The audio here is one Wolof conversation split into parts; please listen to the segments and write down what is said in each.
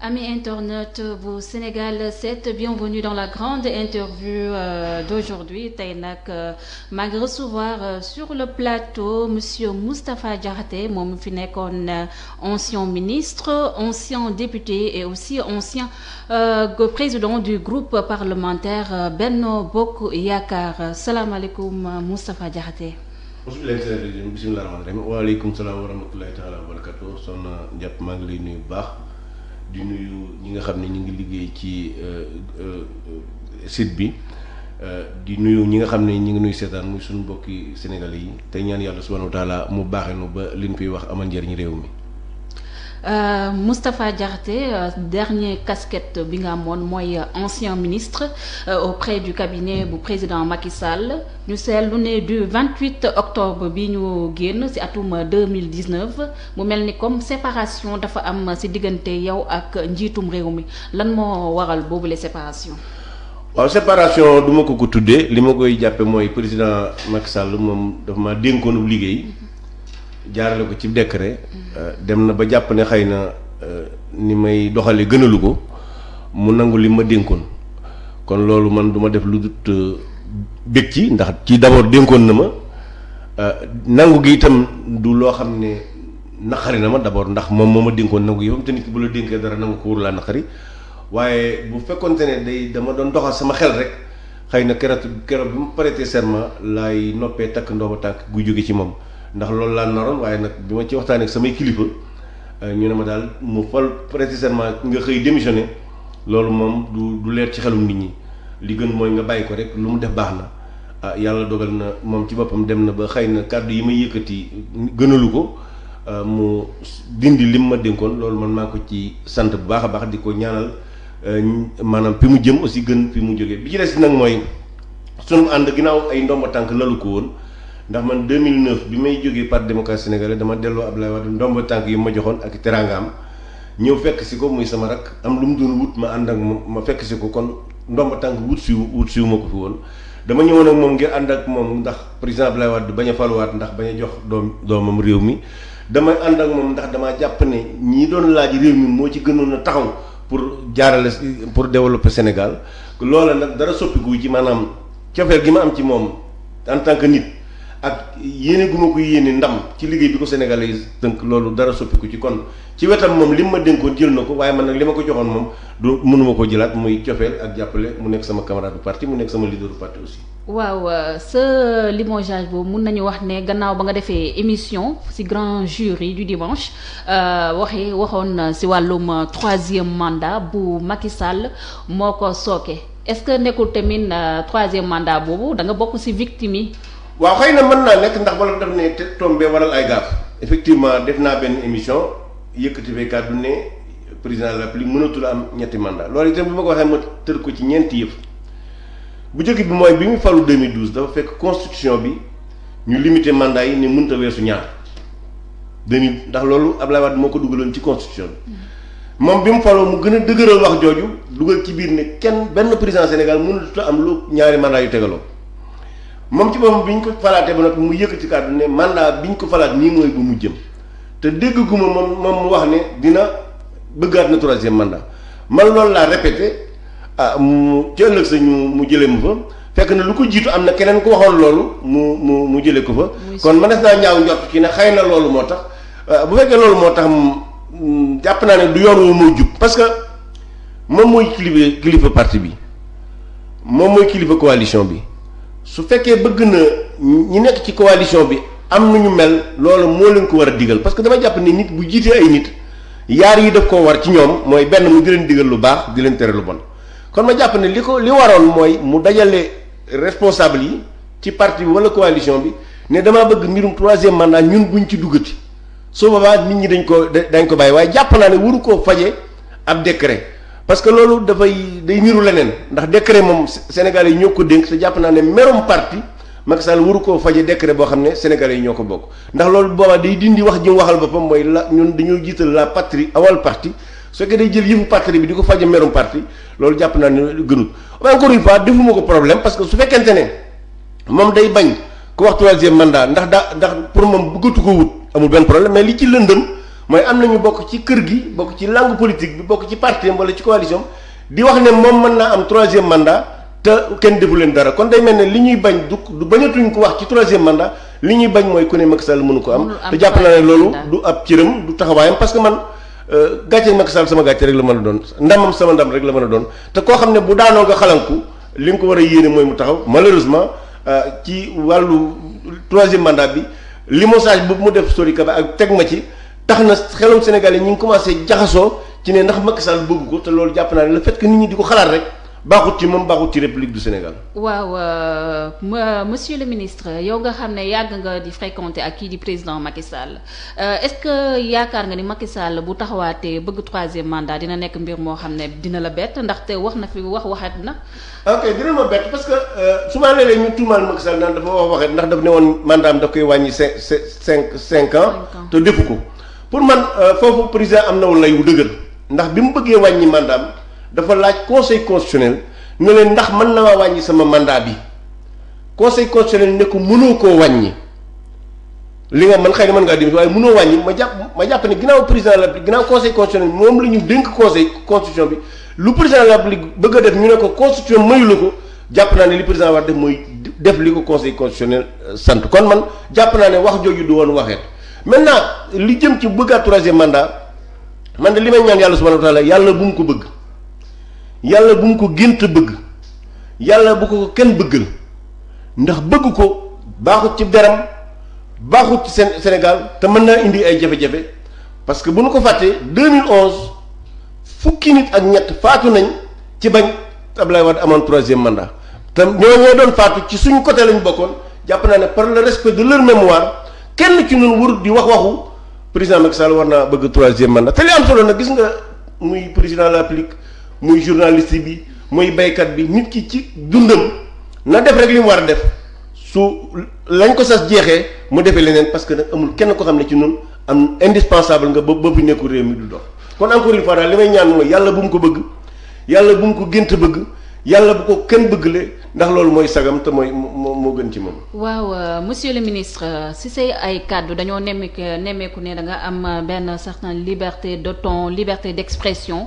Amis internautes bu Sénégal 7 bienvenue dans la grande interview euh, d'aujourd'hui tey nag euh, maa ngi recevoir euh, sur le plateau monsieur Moustapha Diakhaté moom fi nekkoon ancien ministre ancien député et aussi ancien président du groupe parlementaire Benno Bokk Yaakaar salaamaaleykum Moustapha Diakhaté. bismilaahi rahmaani rahiim waaleykum salaam wa rahmatulaahi taala wa barakaatu soxna Ndiaye maa ngi lay nuyu bu baax. di nuyu ñi nga xam ne ñu ngi liggéey ci euh, euh, euh, sit bi di nuyu ñi nga xam ne ñu ngi nuy seetaan muy suñu mbokki sénégalais yi te ñaan yàlla subhanahu wa mu baaxe nu ba li liñ fiy wax amal njariñ réew mi Euh, Moustapha euh, dernier casquette bi nga amoon mooy euh, ancien ministre euh, auprès du cabinet bu président Macky Sall ñu seetlu ne du 28 octobre bi ñu génn ci atum 2019 mu mel ni comme séparation dafa am ci diggante yow ak njiitum réew mi lan moo waral boobule séparation. waaw séparation du ma ko ko tuddee li ma koy jàppe mooy président Macky Sall moom dafa ma dénkoonub liggéey. jaarale ko ci décret euh, dem na ba jàpp ne xëy na euh, ni may doxale gënalu ko mu nangu li ma dénkoon kon loolu man duma def lu dut euh, bég ci ndax ci d'abord dénkoon na ma nangu gi itam du loo xam ne naqari na ma d'abord ndax moom moo ma dénkoon nangu gi te nit ki bu la dénkee dara nangu ko wóor laa xari waaye bu fekkonte ne day dama doon doxal sama xel rek xëy na keroog keroog bi mu prêté serment laay noppee takk ndooma tànk guy jóge ci moom ndax loolu laa naroon waaye nag bi ma ci waxtaanee ak samay kilifa euh, ñu ne ma daal mu fal précisément nga xëy démissionné loolu moom du du leer ci xelum nit ñi li gën mooy nga bàyyi ko rek lu mu def baax na ah yàlla dogal na moom ci boppam dem na ba xëy na kàddu yi may yëkkati gënalu ko euh, mu dindi li mu ma dénkoon loolu man maa ko ci sant bu baax di ko ñaanal euh, maanaam fi mu jëm aussi gën fi mu jógee bi ci des nag mooy sunu ànd ginnaaw ay ndomb tànk lalu ko woon. ndax man 2009 bi may jógee parti démocratie sénégalais dama delloo Abdoulaye Wade ndomba tànk yi ma joxoon ak teraangaam ñëw fekk si ko muy sama rak am lu mu doon wut ma ànd ak moom ma fekk si ko kon ndomba tànk wut si wut si ma ko woon. dama ñëwoon moom ngir ànd ak moom ndax président Abdoulaye Wade bañ a ndax bañ a jox doom doomam réew mi damay ànd ak moom ndax damaa jàpp ne ñi doon laaj réew mi moo ci gënoon a taxaw pour jaarale pour développer Sénégal loola nag dara soppiku ci maanaam cofeel gi ma am ci moom en tant que nit. ak yéene gu ma ko yéene ndam ci liggéey bi ko Sénégal yi dënk loolu dara ko ci kon ci wetam moom li ma dénkoon jël na ko waaye man nag li ma ko joxoon moom du mënuma ko jëlaat muy cofeel ak jàppale mu nekk sama camarade du parti mu nekk sama leader du parti aussi. waaw sa euh, limogeage boobu mun nañu wax ne gannaaw ba nga defee émission ci grand jury du dimanche euh, waxee waxoon ci wàllum troisième mandat bu Macky sàll moo ko sooke est-ce que nekkul tamit euh, troisième mandat boobu da nga bokk ci victime yi. waaw xëy na mën naa nekk ndax wala def ne te tombé waral ay gaaf effectivement def naa benn émission yëkkati fay kàddu ne président de la République mënatul am ñetti mandat loolu itam bu ma ko waxee ma tër ko ci ñeenti yëf bu njëkk bi mooy bi mu falu 2012 dafa fekk constitution bi ñu limité mandat yi ne mënut a weesu ñaar 2000 ndax loolu Abdoulaye Wade moo ko dugaloon ci constitution bi mm-hmm. moom bi mu faloo mu gën a dëgëral wax jooju dugal ci biir ne kenn benn président Sénégal mënut am lu ñaari mandat yu moom ci boppam bi ñu ko falaatee ba noppi mu yëkkati kàddu ne mandat bi ñu ko falaat nii mooy bu mu jëm te dégguma moom moom mu wax ne dina bëggaat na troisième mandat man loolu laa répété ah mu ci ëllëg sañu mu jëlee mu fa fekk na lu ko jiitu am na keneen ku waxoon loolu mu mu mu jëlee ko fa. kon ma des naa ñaaw njort ci ne xëy na loolu moo tax ah, bu fekkee loolu moo tax mm, jàpp naa ne du yoon wu moo jub parce que moom mooy kilifa kilifa parti bi moom mooy kilifa coalition bi. su fekkee bëgg na ñi nekk ci coalition bi am nañu mel loolu moo leen ko war a digal parce que dama jàpp ni nit bu jiitee ay nit yaar yi daf koo war ci ñoom mooy benn mu di leen digal lu baax di leen tere lu bon kon ma jàpp ne li ko li waroon mooy mu dajale responsable yi ci parti bi wala coalition bi ne damaa bëgg mbirum troisième mandat ñun buñ ci duggati su boobaa nit ñi dañ ko dañ ko bàyyi waaye jàpp naa ne waru koo faje ab décret parce que loolu dafay day niru leneen ndax décret moom Sénégal yi ñoo ko dénk te jàpp naa ne merum parti Macky Sall waru koo faje décret boo xam ne Sénégal yi ñoo ko bokk ndax loolu boobaa day dindi wax ji waxal waxal boppam mooy la ñun dañoo jiital la patrie awal parti su fekkee day jël yëfu parti bi di ko faje merum parti loolu jàpp naa ne gënul encore une fois defuma ko problème parce que su fekkente ne moom day bañ ku wax troisième mandat ndax daa ndax pour moom bëggatu ko wut amul benn problème mais li ci lëndëm mooy am na ñu bokk ci kër gi bokk ci langue politique bi bokk ci parti wala ci coalition di wax ne moom mën naa am troisième mandat te kenn defu leen dara kon day mel ne li ñuy bañ du du bañatuñ ko wax ci troisième mandat li ñuy bañ mooy ku ne Macky Sall mënu ko am te jàpp naa ne loolu du ab cëram du taxawaayam parce que man euh, gàcce Macky Sall sama gàcce rek la mën a doon ndamam sama ndam rek la mën a doon te koo xam ne bu daanoo nga xalanku li nga ko war a yéene mooy mu taxaw malheureusement euh, ci wàllu troisième mandat bi limogeage boobu mu def sori kaba ak teg ma ci tax na xelum sénégalais ñu ngi commencé jaxasoo ci ne ndax Macky Sall bëgg ko te loolu jàpp naa ne le fait que nit ñi di ko xalaat rek baaxut ci moom baaxut ci république du Sénégal. waaw euh, monsieur le ministre yow nga xam ne yàgg nga di fréquenter ak kii di président Macky Sall euh, est-ce que yaakaar nga ni Macky Sall bu taxawaatee bëgg troisième mandat dina nekk mbir moo xam ne dina la bett ndaxte wax na fi wax waxet na. Ah, ok dina ma bett parce que euh, su ma léeg-léeg ñu tuumaal Macky Sall naan dafa ndax daf ne woon mandat am daf koy wàññi cinq cinq cinq ans. te ko. pour man euh, foofu président am na wu lay wu dëgër ndax bi mu bëggee wàññi mandaam dafa laaj conseil constitutionnel ne leen ndax man naa wàññi sama mandat bi conseil constitutionnel nekku ko mënoo koo wàññi li nga man xay na man ngaa dem waaye mënoo wàññi ma jàpp ma jàpp ne ginnaaw président de la République ginnaaw conseil constitutionnel moom la ñu dénk conseil constitution bi lu président de la République bëgg a def ñu ne ko constitution mayu la ko jàpp naa ne li président war def mooy def li ko conseil euh, sant kon man jàpp naa ne wax jooju du woon waxeet maintenant li jëm ci bëggaat troisième mandat man de li may ñaan yàlla subhanahu wa taala yàlla bu mu ko bëgg yàlla bu mu ko gént bëgg yàlla bu ko kenn bëggal ndax bëgg ko baaxut ci deram baaxul ci seen Sénégal te mën naa indi ay jafe-jafe parce que bu nu ko fàttee 2011 fukki nit ak ñett faatu nañ ci bañ Abdoulaye Wade amoon troisième mandat te ñoo ñoo doon faatu ci suñ côté lañ bokkoon jàpp naa ne par le respect de leur mémoire kenn ci ñun warut di wax waxu président Macky Sall war naa bëgg troisième na te li am solo nag gis nga muy président la République muy journaliste bi muy béykat bi nit ki ci dundam na def rek li mu war a def su lañ ko sas jeexee mu defee leneen parce que nag amul kenn ko xam ne ci noonu am indispensable nga ba ba fi nekkul réew mi du dox kon encore une fois daal li may ñaan mooy yàlla bu mu ko bëgg yàlla bu mu ko gént bëgg yàlla bu ko kenn bëgg le ndax loolu mooy sagam te mooy moo moo gën ci moom. waaw euh, monsieur le ministre euh, si say ay kàddu dañoo nemmeeku euh, nemmeeku ne da nga am benn certaine liberté de ton liberté d'expression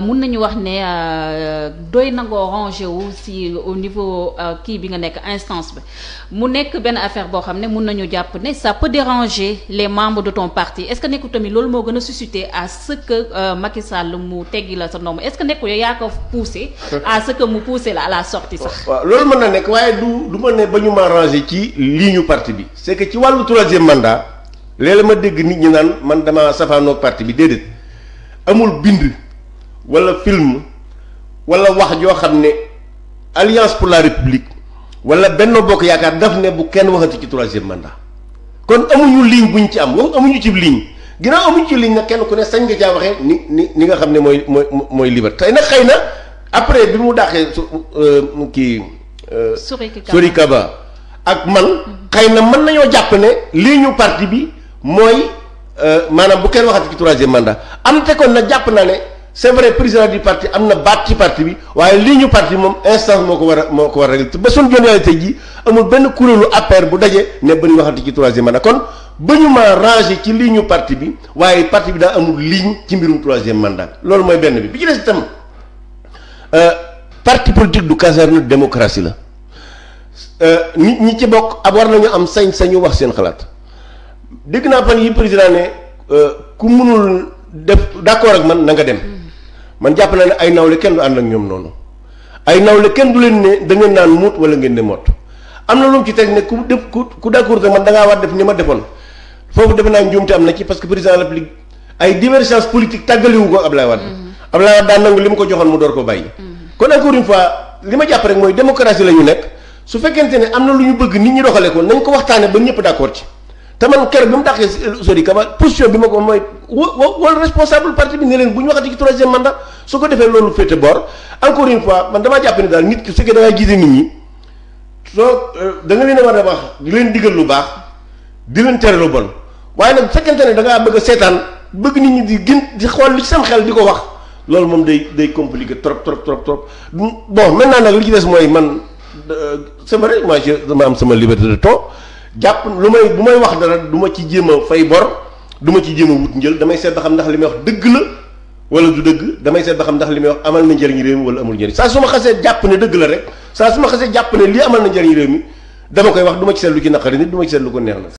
mun nañu wax ne doy na ngoo wu si au niveau kii bi nga nekk instance bi mu nekk benn affaire boo xam ne mun nañu jàpp ne ça peut déranger les membres de ton parti est-ce que nekku tamit loolu moo gën a susciter à ce que mu teggi la sa norme est-ce que nekku yow yaa ko poussé la à la sortie waaw loolu mën na nekk waaye du du ma ne ba ñu ma ci lii ñu parti bi c'est ci wàllu troisième mandat léeg-léeg ma dégg nit ñi naan man dama safaanoog parti bi déedéet amul bind wala film wala wax joo xam ne alliance pour la république wala benn bokk yaakaar daf ne bu kenn waxati ci troisième mandat kon amuñu ligne buñ ci am wax amuñu ci ligne ginnaaw amuñu ci ligne na kenn ku ne sañ nga caa waxee ni ni nga xam ne mooy mooy mooy liberté tey nag xëy na après bi mu dàqee su euh, kii. Euh, Sori Kaba Sori Kaba ak man. xay na mën nañoo jàpp ne lii ñu parti bi mooy euh, maanaam bu kenn waxati ci troisième mandat am te kon nag jàpp naa ne c'est vrai président du parti am na baat ci parti bi waaye lii ñu parti moom instance moo ko war a moo ko war a réglé te ba suñu jën yàlla tey jii amul benn kuréelu APR bu daje ne ba ñu waxati ci troisième mandat kon ba ñu maa rangé ci lii ñu parti bi waaye parti bi daa amul ligne ci mbirum troisième mandat loolu mooy benn bi bi ci des itam. Euh, parti politique du caserne démocratie la euh, nit ñi ci bokk ab war nañu am sañ-sañu wax seen xalaat dégg naa fan yi président ne euh, ku mënul def d'accord ak man na nga dem man jàpp naa ne ay nawle kenn du ànd ak ñoom noonu ay nawle kenn du leen ne da ngeen naan muut wala ngeen di mott am na lu mu ci teg ne ku def ku ku d'accord ak man da ngaa def ni ma defoon foofu defe naa njuumte am na ci parce que président de la République ay divergence politique tàggaliwu ko Ablaye Wade Abdoulaye Wade daan nangu li mu ko joxoon mu door ko bàyyi. Mm-hmm. kon encore une fois li ma jàpp rek mooy démocratie la ñu nekk su fekkente ne am na lu ñu bëgg nit ñi doxale ko nañ ko waxtaane ba ñëpp d'accord ci te man keroog bi mu dàqee Sori euh, Kaba position bi ma ko mooy wa wala responsable parti bi ne leen bu ñu waxati nit ki su fekkee da ngay jiite nit ñi soo euh, da nga leen war a wax di leen digal lu baax di leen tere lu bon waaye nag bu fekkente ne da ngaa bëgg seetaan bëgg nit ñi di gën di xool li ci seen xel di ko wax. loolu moom day day compliqué trop trop trop trop bon naa nag li ci des mooy man euh, sama vrai moi dama am sama liberté de temps jàpp lu may bu may wax dara du ma ci jéem a fay bor du ma ci jéem wut njël damay seet ba xam ndax li may wax dëgg la wala du dëgg damay seet ba xam ndax li may wax amal na njëriñ réew mi wala amul njëriñ saa su ma xasee jàpp ne dëgg la rek saa su ma xasee jàpp ne lii amal na njëriñ réew mi dama koy wax du ci seet lu ci naqari nit du ko neex na